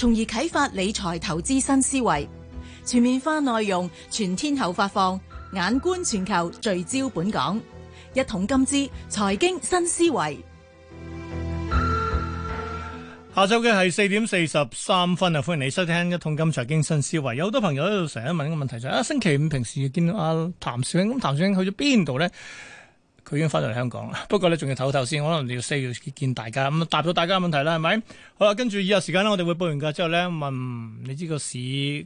從而啟發理財投資新思維，全面化內容，全天候發放，眼觀全球，聚焦本港，一統金資財經新思維。下晝嘅係四點四十三分啊！歡迎你收聽一統金資財經新思維。有好多朋友喺度成日問一個問題就係：啊，星期五平時見到阿、啊、譚小英，咁、啊，譚小英去咗邊度呢？」佢已經翻到嚟香港啦，不過咧仲要唞唞先，可能你要四月見大家咁答到大家問題啦，係咪？好啦，跟住以後時間咧，我哋會報完價之後咧，問、嗯、你知個市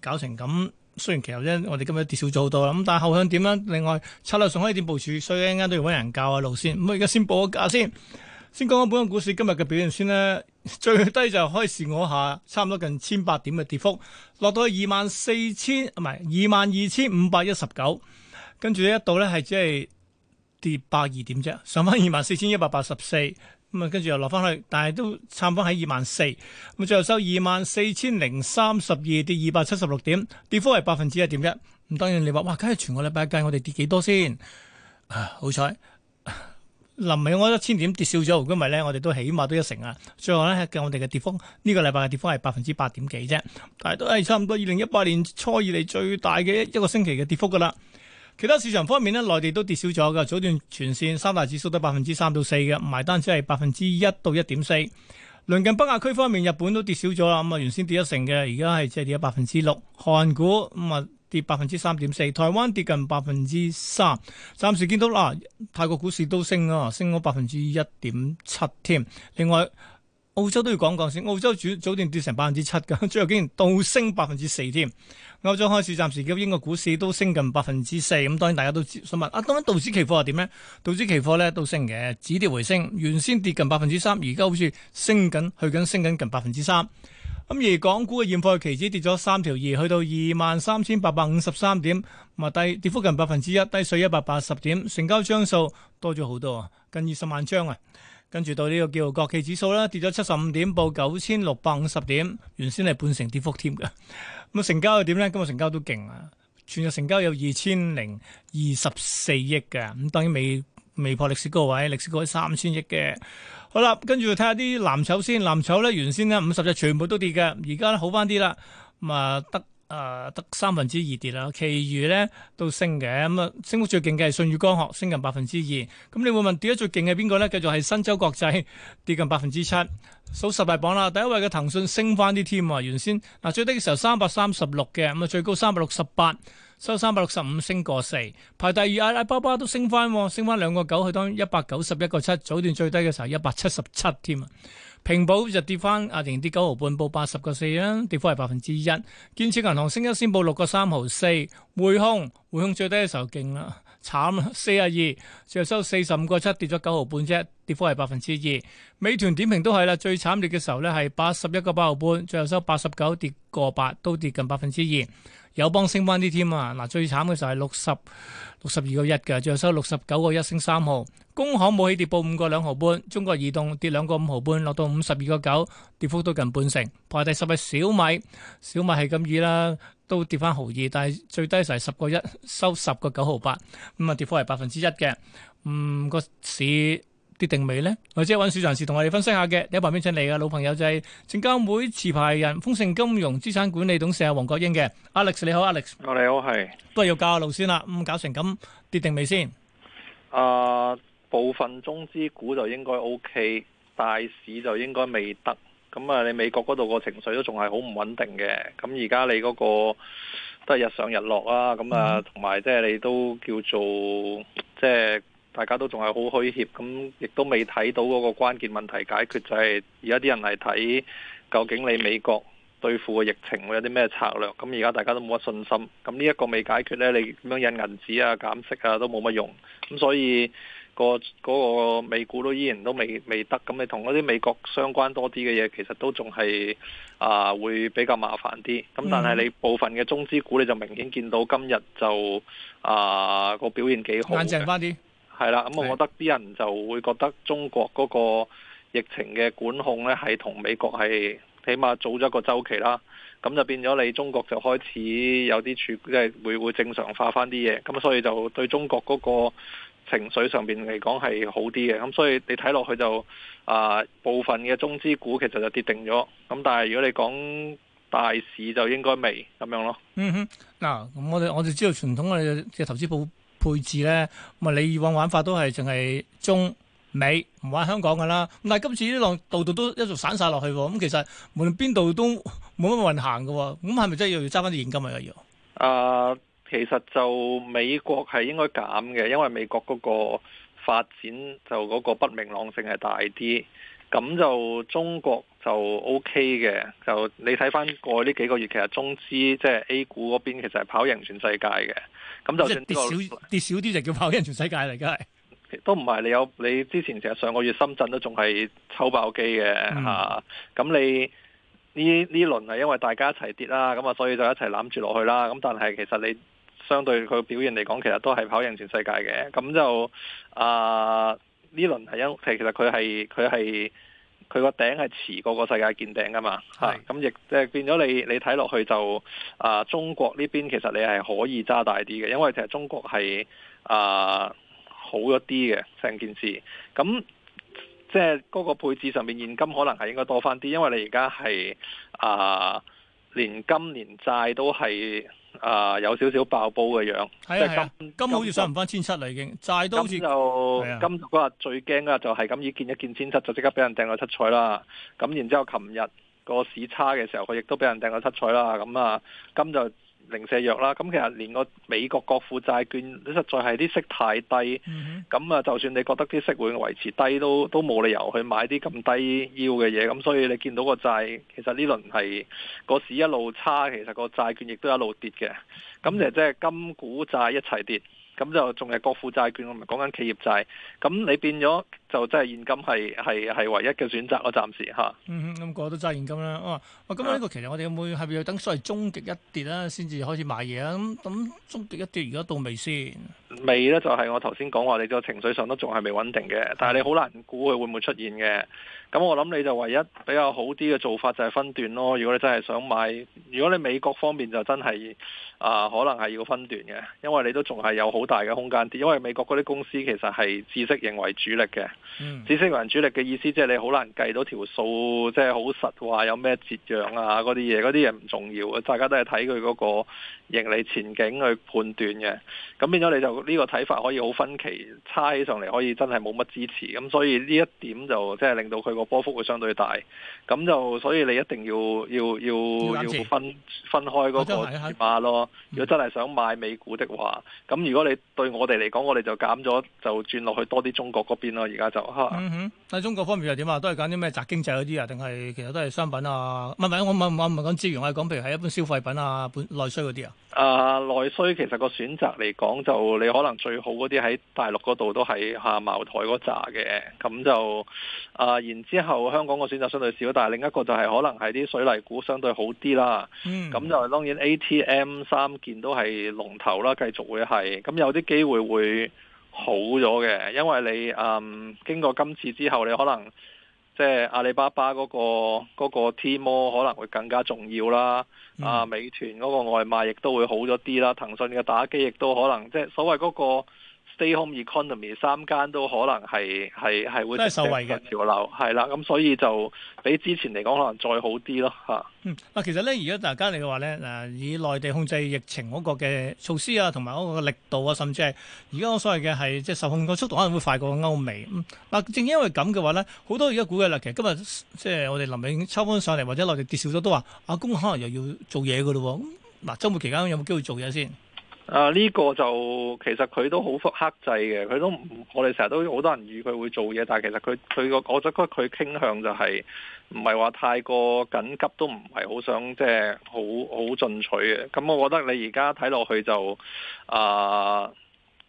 搞成咁，雖然其實啫，我哋今日跌少咗好多啦，咁但係後向點樣？另外策略上可以點部署？所以一陣間都要揾人教下、啊、路先。咁我而家先報個價先，先講講本港股市今日嘅表現先咧，最低就開市我下差唔多近千八點嘅跌幅，落到去二萬四千唔係二萬二千五百一十九，跟住呢一度咧係即係。跌百二點啫，上翻二萬四千一百八十四，咁啊跟住又落翻去，但係都差唔多喺二萬四，咁最後收二萬四千零三十二，跌二百七十六點，跌幅係百分之一點一。咁當然你話，哇，梗係全個禮拜計，我哋跌幾多先？啊，好彩，臨尾、 啊、我一千點跌少咗，如果唔係咧我哋都起碼都一成啊。最後咧嘅我哋嘅跌幅，呢、呢個禮拜嘅跌幅係百分之八點幾啫，但係都係差唔多二零一八年初以嚟最大嘅一個星期嘅跌幅噶啦。其他市場方面咧，內地都跌少咗㗎，早段全線三大指數都百分之三到四嘅，唔係單止係百分之一到一點四。鄰近北亞區方面，日本都跌少咗啦，咁啊原先跌一成嘅，而家係只係跌咗百分之六。韓股咁啊跌百分之三點四，台灣跌近百分之三。暫時見到嗱，啊，泰國股市都升啊，升咗百分之一點七添。另外。澳洲都要講講先，澳洲主早早段跌成百分之七嘅，最後竟然倒升百分之四添。歐洲開市暫時，英國股市都升近百分之四。咁當然大家都想問，啊，當緊道指期貨係點呢？道指期貨咧都升嘅，止跌回升，原先跌近百分之三，而家好似升緊，去緊升緊近百分之三。咁而港股嘅現貨期指跌咗三條二，去到二萬三千八百五十三點，咁啊低跌幅近百分之一，低水一百八十點，成交張數多咗好多啊，近二十萬張啊。跟住到呢個叫做國企指數啦，跌咗七十五點，報九千六百五十點，原先係半成跌幅添㗎。咁 成交又點咧？今日成交都勁啊，全日成交有二千零二十四億嘅。咁當然未未破歷史高位，歷史高位三千億嘅。好啦，跟住睇下啲藍籌先。藍籌咧原先咧五十隻全部都跌嘅，而家咧好返啲啦。咁、嗯、啊得。啊，得、呃、三分之二跌啦，其餘咧都升嘅，咁啊升幅最勁嘅係舜宇光學，升近百分之二。咁你會問跌得最勁嘅邊個咧？繼續係申洲國際，跌近百分之七。數十大榜啦，第一位嘅騰訊升翻啲添啊，原先嗱最低嘅時候三百三十六嘅，咁啊最高三百六十八，收三百六十五，升過四。排第二阿里巴巴都升翻，升翻兩個九，係當一百九十一個七，早段最低嘅時候一百七十七添。平保就跌翻，阿仍然跌九毫半，報八十個四啦，跌幅係百分之一。建設銀行升一先，報六個三毫四，匯控匯控最低嘅時候勁啦，慘啦四廿二，42，最後收四十五個七，跌咗九毫半啫，跌幅係百分之二。美團點評都係啦，最慘烈嘅時候咧係八十一個八毫半，最後收八十九跌個八，都跌近百分之二。有邦升翻啲添啊！嗱，最慘嘅就係六十六十二個一嘅，最後收六十九個一，升三毫。工行冇起跌，報五個兩毫半。中國移動跌兩個五毫半，落到五十二個九，跌幅都近半成。排第十係小米，小米係咁易啦，都跌翻毫二。但係最低就係十個一，收十個九毫八，咁啊跌幅係百分之一嘅。嗯，個市。跌定未呢？或者揾市場人士同我哋分析下嘅。喺旁邊請嚟嘅老朋友就係證監會持牌人豐盛金融資產管理董事阿黃國英嘅 Alex，你好 Alex，你好。係，都係要教下路先啦，咁搞成咁跌定未先？啊、呃，部分中資股就應該 O K，大市就應該未得，咁啊，你美國嗰度個情緒都仲係好唔穩定嘅，咁而家你嗰個都係日上日落啦，咁啊，同埋即係你都叫做即係。就是大家都仲係好虛怯，咁亦都未睇到嗰個關鍵問題解決，就係而家啲人係睇究竟你美國對付嘅疫情會有啲咩策略。咁而家大家都冇乜信心，咁呢一個未解決呢，你點樣印銀紙啊、減息啊都冇乜用。咁所以個嗰個美股都依然都未未得。咁你同嗰啲美國相關多啲嘅嘢，其實都仲係啊會比較麻煩啲。咁但係你部分嘅中資股你就明顯見到今日就啊個表現幾好，冷靜返啲。係啦，咁我覺得啲人就會覺得中國嗰個疫情嘅管控呢係同美國係起碼早咗一個周期啦。咁就變咗你中國就開始有啲處，即係會會正常化翻啲嘢。咁所以就對中國嗰個情緒上邊嚟講係好啲嘅。咁所以你睇落去就啊，部分嘅中資股其實就跌定咗。咁但係如果你講大市，就應該未咁樣咯。嗯哼，嗱，咁我哋我哋知道傳統嘅嘅投資報配置咧，咪你以往玩法都係淨係中美唔玩香港噶啦，但係今次呢，浪度度都一路散晒落去，咁其實無論邊度都冇乜運行噶，咁係咪真係要揸翻啲現金啊？要啊，其實就美國係應該減嘅，因為美國嗰個發展就嗰個不明朗性係大啲，咁就中國。就 O K 嘅，就你睇翻過呢幾個月，其實中資即係、就是、A 股嗰邊，其實係跑贏全世界嘅。咁就算、這個、跌少啲就叫跑贏全世界嚟，梗係都唔係。你有你之前成日上個月深圳都仲係抽爆機嘅吓，咁、嗯啊、你呢呢輪係因為大家一齊跌啦，咁啊所以就一齊攬住落去啦。咁但係其實你相對佢表現嚟講，其實都係跑贏全世界嘅。咁就啊呢輪係因其實佢係佢係。佢個頂係遲過個世界見頂㗎嘛，係咁亦即係變咗你你睇落去就啊、呃、中國呢邊其實你係可以揸大啲嘅，因為其實中國係啊、呃、好一啲嘅成件事，咁即係嗰個配置上面現金可能係應該多返啲，因為你而家係啊連金連債都係。啊，uh, 有少少爆煲嘅樣，即啊，金金好似上唔翻千七啦，已經債都似就金嗰日最驚啊，就係咁依見一見千七就即刻俾人掟到七彩啦，咁然之後琴日個市差嘅時候佢亦都俾人掟到七彩啦，咁啊金就。零舍弱啦，咁其實連個美國國庫債券，實在係啲息太低，咁啊、mm，hmm. 就算你覺得啲息會維持低都都冇理由去買啲咁低腰嘅嘢，咁所以你見到個債其實呢輪係個市一路差，其實個債券亦都一路跌嘅，咁就即係金股債一齊跌，咁就仲係國庫債券，我唔係講緊企業債，咁你變咗。就真係現金係係係唯一嘅選擇咯，暫時嚇。嗯嗯，咁過到揸現金啦。哦，喂咁呢個其實我哋會係咪要等所謂終極一跌啦？先至開始買嘢啊？咁咁終極一跌而家到未先？未咧，就係、是、我頭先講話，你個情緒上都仲係未穩定嘅。但係你好難估佢會唔會出現嘅。咁我諗你就唯一比較好啲嘅做法就係分段咯。如果你真係想買，如果你美國方面就真係啊、呃，可能係要分段嘅，因為你都仲係有好大嘅空間啲。因為美國嗰啲公司其實係知識型為主力嘅。紫色雲主力嘅意思，即係你好難計到條數，即係好實話有咩折讓啊，嗰啲嘢，嗰啲嘢唔重要啊，大家都係睇佢嗰個盈利前景去判斷嘅。咁變咗你就呢個睇法可以好分歧，差起上嚟可以真係冇乜支持。咁所以呢一點就即係、就是、令到佢個波幅會相對大。咁就所以你一定要要要要，要分分開嗰個二碼咯。如果真係想買美股的話，咁如果你對我哋嚟講，我哋就減咗，就轉落去多啲中國嗰邊咯。而家就嗯哼，喺中國方面又點啊？都係揀啲咩宅經濟嗰啲啊？定係其實都係商品啊？唔係唔係，我唔我唔講資源，我係講譬如喺一般消費品啊，本內需嗰啲啊。啊，內需其實個選擇嚟講，就你可能最好嗰啲喺大陸嗰度都係下茅台嗰扎嘅。咁就啊，然之後香港個選擇相對少，但係另一個就係可能係啲水泥股相對好啲啦。咁、嗯啊、就當然 ATM 三件都係龍頭啦，繼續會係咁有啲機會會。好咗嘅，因為你嗯經過今次之後，你可能即係、就是、阿里巴巴嗰、那個嗰、那個 Tmall 可能會更加重要啦，嗯、啊美團嗰個外賣亦都會好咗啲啦，騰訊嘅打機亦都可能即係、就是、所謂嗰、那個。Stay home economy 三間都可能係係係會即係受惠嘅潮流係啦，咁所以就比之前嚟講可能再好啲咯嚇。嗯，嗱其實咧，而家大家嚟講咧，嗱以內地控制疫情嗰個嘅措施啊，同埋嗰個力度啊，甚至係而家我所謂嘅係即係受控嘅速度可能會快過歐美。嗱、嗯，正因為咁嘅話咧，好多而家估嘅啦，其實今日即係我哋臨尾抽翻上嚟或者內地跌少咗，都話阿公可能又要做嘢噶啦喎。嗱，周末期間有冇機會做嘢先？啊！呢、這個就其實佢都好克制嘅，佢都唔，我哋成日都好多人預佢會做嘢，但係其實佢佢個覺得，佢傾向就係唔係話太過緊急，都唔係好想即係好好進取嘅。咁、嗯、我覺得你而家睇落去就啊～、呃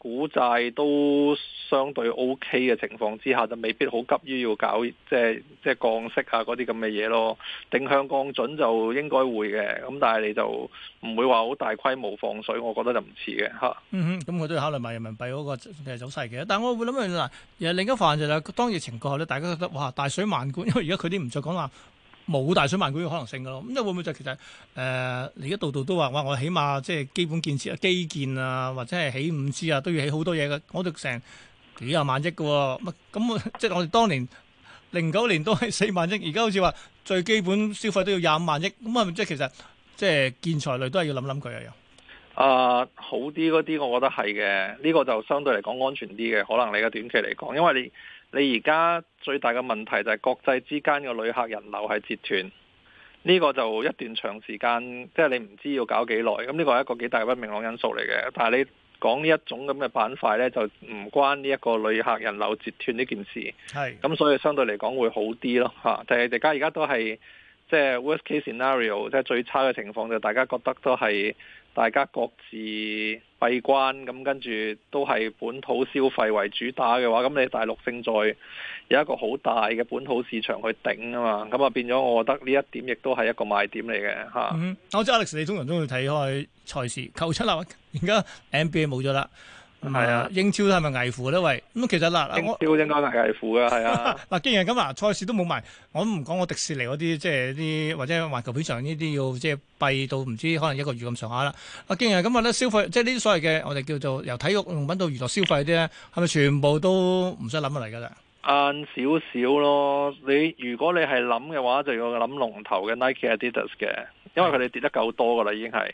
股債都相對 O K 嘅情況之下，就未必好急於要搞即係即係降息啊嗰啲咁嘅嘢咯。定向降準就應該會嘅，咁但係你就唔會話好大規模放水，我覺得就唔似嘅嚇。嗯哼，咁佢都要考慮埋人民幣嗰個嘅走勢嘅。但係我會諗啊，其實另一個範疇咧，當疫情過後咧，大家覺得哇大水漫灌，因為而家佢啲唔再講話。冇大水漫灌嘅可能性噶咯，咁又會唔會就其實誒？而家度度都話哇，我起碼即係基本建設啊、基建啊，或者係起五 G 啊，都要起好多嘢嘅，我哋成幾廿萬億嘅、哦，咁、嗯嗯、即係我哋當年零九年都係四萬億，而家好似話最基本消費都要廿萬億，咁係咪即係其實即係建材類都係要諗諗佢啊？又啊，好啲嗰啲，我覺得係嘅，呢、這個就相對嚟講安全啲嘅，可能你嘅短期嚟講，因為你。你而家最大嘅問題就係國際之間嘅旅客人流係截斷，呢、這個就一段長時間，即、就、係、是、你唔知要搞幾耐。咁、嗯、呢、這個係一個幾大嘅不明朗因素嚟嘅。但係你講呢一種咁嘅板塊呢，就唔關呢一個旅客人流截斷呢件事係咁，是所以相對嚟講會好啲咯嚇。就係而家而家都係即係 worst case scenario，即係最差嘅情況就大家覺得都係。大家各自閉關，咁跟住都係本土消費為主打嘅話，咁你大陸勝在有一個好大嘅本土市場去頂啊嘛，咁啊變咗，我覺得呢一點亦都係一個賣點嚟嘅嚇。嗯，我知 Alex 你通常都會睇開賽事，扣七啦，而家 NBA 冇咗啦。係、嗯、啊，英超都係咪危乎咧？喂，咁其實嗱，英超應該係危乎噶，係啊。嗱， 既然咁啊，賽事都冇埋，我唔講我迪士尼嗰啲，即係啲或者環球片場呢啲要即係閉到唔知可能一個月咁上下啦。既然啊，咁啊，咧消費即係呢啲所謂嘅我哋叫做由體育用品到娛樂消費啲咧，係咪全部都唔使諗落嚟噶啦？晏少少咯，你如果你係諗嘅話，就要諗龍頭嘅 Nike、Adidas 嘅，因為佢哋跌得夠多噶啦，已經係。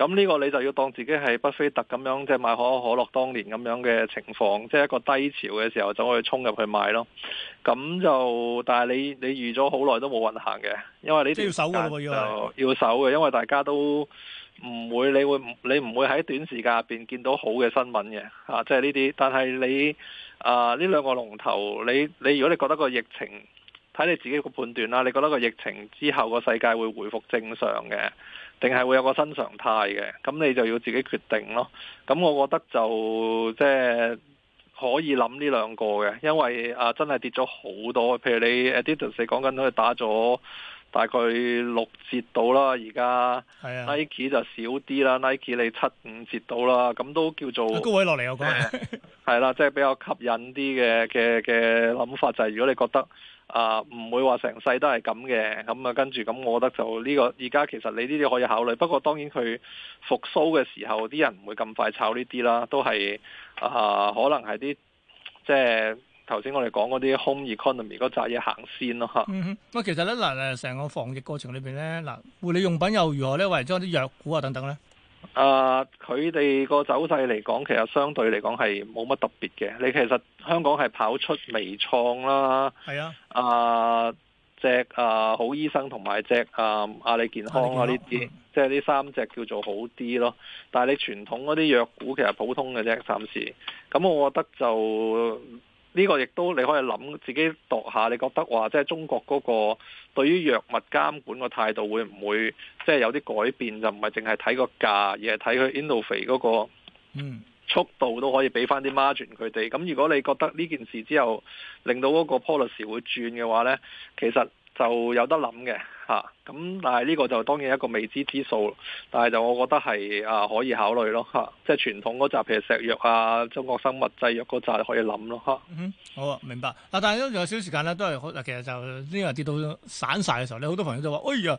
咁呢個你就要當自己係巴菲特咁樣，即係買可口可樂當年咁樣嘅情況，即係一個低潮嘅時候就可以衝入去買咯。咁就但係你你預咗好耐都冇運行嘅，因為呢啲大家要守嘅，因為大家都唔會你會你唔會喺短時間入邊見到好嘅新聞嘅啊！即係呢啲，但係你啊呢，呃，兩個龍頭，你你如果你覺得個疫情睇你自己個判斷啦，你覺得個疫情之後個世界會回復正常嘅。定係會有個新常態嘅，咁你就要自己決定咯。咁我覺得就即係可以諗呢兩個嘅，因為啊真係跌咗好多。譬如你 Adidas、e、講緊都係打咗大概六折到啦，而家、啊、Nike 就少啲啦，Nike 你七五折到啦，咁都叫做高位落嚟有關係。係 啦、嗯，即係、啊就係、比較吸引啲嘅嘅嘅諗法就係、係，如果你覺得。啊，唔、呃、會話成世都係咁嘅，咁、嗯、啊跟住咁、嗯，我覺得就呢、這個而家其實你呢啲可以考慮，不過當然佢復甦嘅時候啲人唔會咁快炒呢啲啦，都係啊、呃，可能係啲即係頭先我哋講嗰啲空 economy 嗰扎嘢行先咯、啊、嚇。嗯，其實咧嗱誒，成個防疫過程裏邊咧，嗱護理用品又如何咧？或者將啲藥股啊等等咧？啊！佢哋個走勢嚟講，其實相對嚟講係冇乜特別嘅。你其實香港係跑出微創啦，係啊、嗯，啊、uh, 隻啊、uh, 好醫生同埋隻、uh, 啊阿里健康啊呢啲，即係呢三隻叫做好啲咯。但係你傳統嗰啲藥股其實普通嘅啫，暫時。咁我覺得就。呢個亦都你可以諗自己度下，你覺得話即係中國嗰個對於藥物監管個態度會唔會即係有啲改變，就唔係淨係睇個價，而係睇佢 in 到肥嗰個嗯速度都可以俾翻啲 margin 佢哋。咁、嗯、如果你覺得呢件事之後令到嗰個 policy 會轉嘅話咧,其實就有得諗嘅。咁、啊，但係呢個就當然一個未知之數，但係就我覺得係啊，可以考慮咯嚇、啊。即係傳統嗰扎，譬如石藥啊、中國生物製藥嗰扎，可以諗咯嚇。好啊，明白嗱、啊。但係都仲有少少時間咧，都係其實就呢日跌到散晒嘅時候咧，好多朋友就話：哎呀，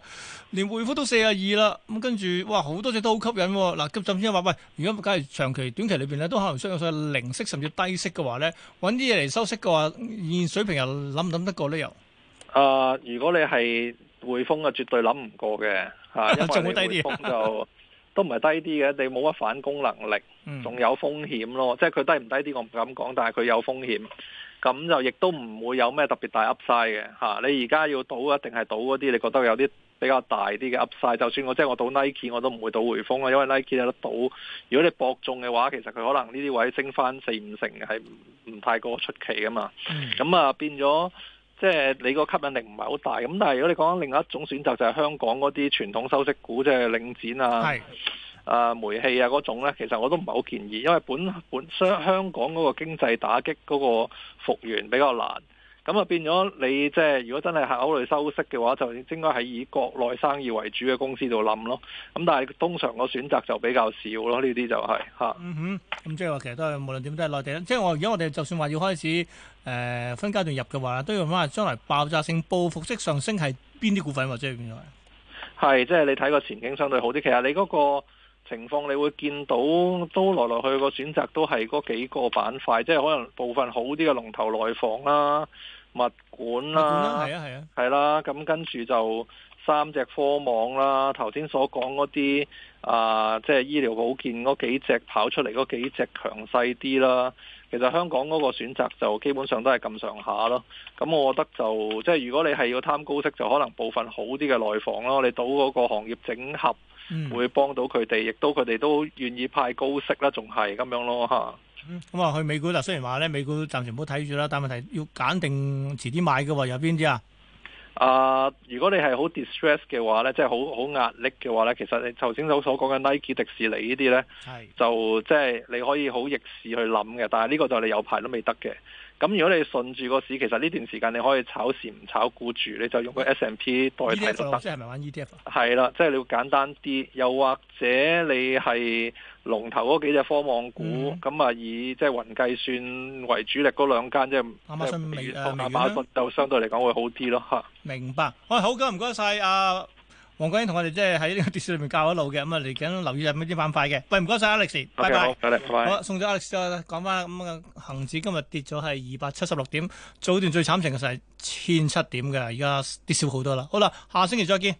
連回覆都四十二啦。咁、啊、跟住哇，好多隻都好吸引嗱、啊。急浸先話喂，如果梗係長期、短期裏邊咧，都可能相對零息甚至低息嘅話咧，揾啲嘢嚟收息嘅話，現水平又諗唔諗得過咧？又啊、呃，如果你係。匯豐啊，絕對諗唔過嘅嚇，因為匯豐就 都唔係低啲嘅，你冇乜反攻能力，仲有風險咯。即係佢低唔低啲，我唔敢講，但係佢有風險，咁就亦都唔會有咩特別大 Upside 嘅嚇、啊。你而家要賭一定係賭嗰啲，你覺得有啲比較大啲嘅 Upside，就算我即係我賭 Nike，我都唔會賭匯豐啊，因為 Nike 有得賭。如果你博中嘅話，其實佢可能呢啲位升翻四五成係唔太過出奇噶嘛。咁、嗯、啊，變咗。即係你個吸引力唔係好大咁，但係如果你講另一種選擇，就係香港嗰啲傳統收息股，即係領展啊、是啊煤氣啊嗰種咧，其實我都唔係好建議，因為本本香香港嗰個經濟打擊嗰個復原比較難。咁啊，就變咗你即係如果真係考慮收息嘅話，就應該係以國內生意為主嘅公司度諗咯。咁但係通常個選擇就比較少咯。呢啲就係、是、嚇。啊、嗯哼，咁、嗯、即係話其實都係無論點都係內地。即係我如果我哋就算話要開始誒、呃、分階段入嘅話，都要問，問將來爆炸性報復式上升係邊啲股份或者係邊個？係即係你睇個前景相對好啲。其實你嗰、那個。情況你會見到都來來去去個選擇都係嗰幾個板塊，即係可能部分好啲嘅龍頭內房啦、物管啦，係啊係啊，係啦、啊。咁、啊啊、跟住就三隻科網啦，頭先所講嗰啲啊，即係醫療保健嗰幾隻跑出嚟嗰幾隻強勢啲啦。其實香港嗰個選擇就基本上都係咁上下咯。咁我覺得就即係如果你係要貪高息，就可能部分好啲嘅內房咯。你賭嗰個行業整合。嗯、會幫到佢哋，亦都佢哋都願意派高息啦，仲係咁樣咯吓。咁啊、嗯，去美股啦。雖然話咧，美股暫時唔好睇住啦，但係問題要揀定遲啲買嘅話，有邊啲啊？啊、呃，如果你係好 distress 嘅話咧，即係好好壓力嘅話咧，其實你頭先所所講嘅 Nike、迪士尼呢啲咧是，就即、是、係你可以好逆市去諗嘅。但係呢個就你有排都未得嘅。咁如果你順住個市，其實呢段時間你可以炒市唔炒股住，你就用個 S&P 代替就得。呢也即係咪玩 E T F 啊？係啦，即係你簡單啲，又或者你係龍頭嗰幾隻科網股，咁啊、嗯、以即係雲計算為主力嗰兩間即係亞馬遜馬遜，就相對嚟講會好啲咯嚇。明白，喂、啊，好咁唔該晒。啊！黃國英同我哋即係喺呢個跌市裏面教一路嘅，咁啊嚟緊留意下咩啲板塊嘅。喂，唔該晒，Alex，okay, 拜拜。好，送咗 Alex 啦。講翻咁嘅恒指今日跌咗係二百七十六點，早段最慘情嘅時候係千七點㗎喇，而家跌少好多啦。好啦，下星期再見。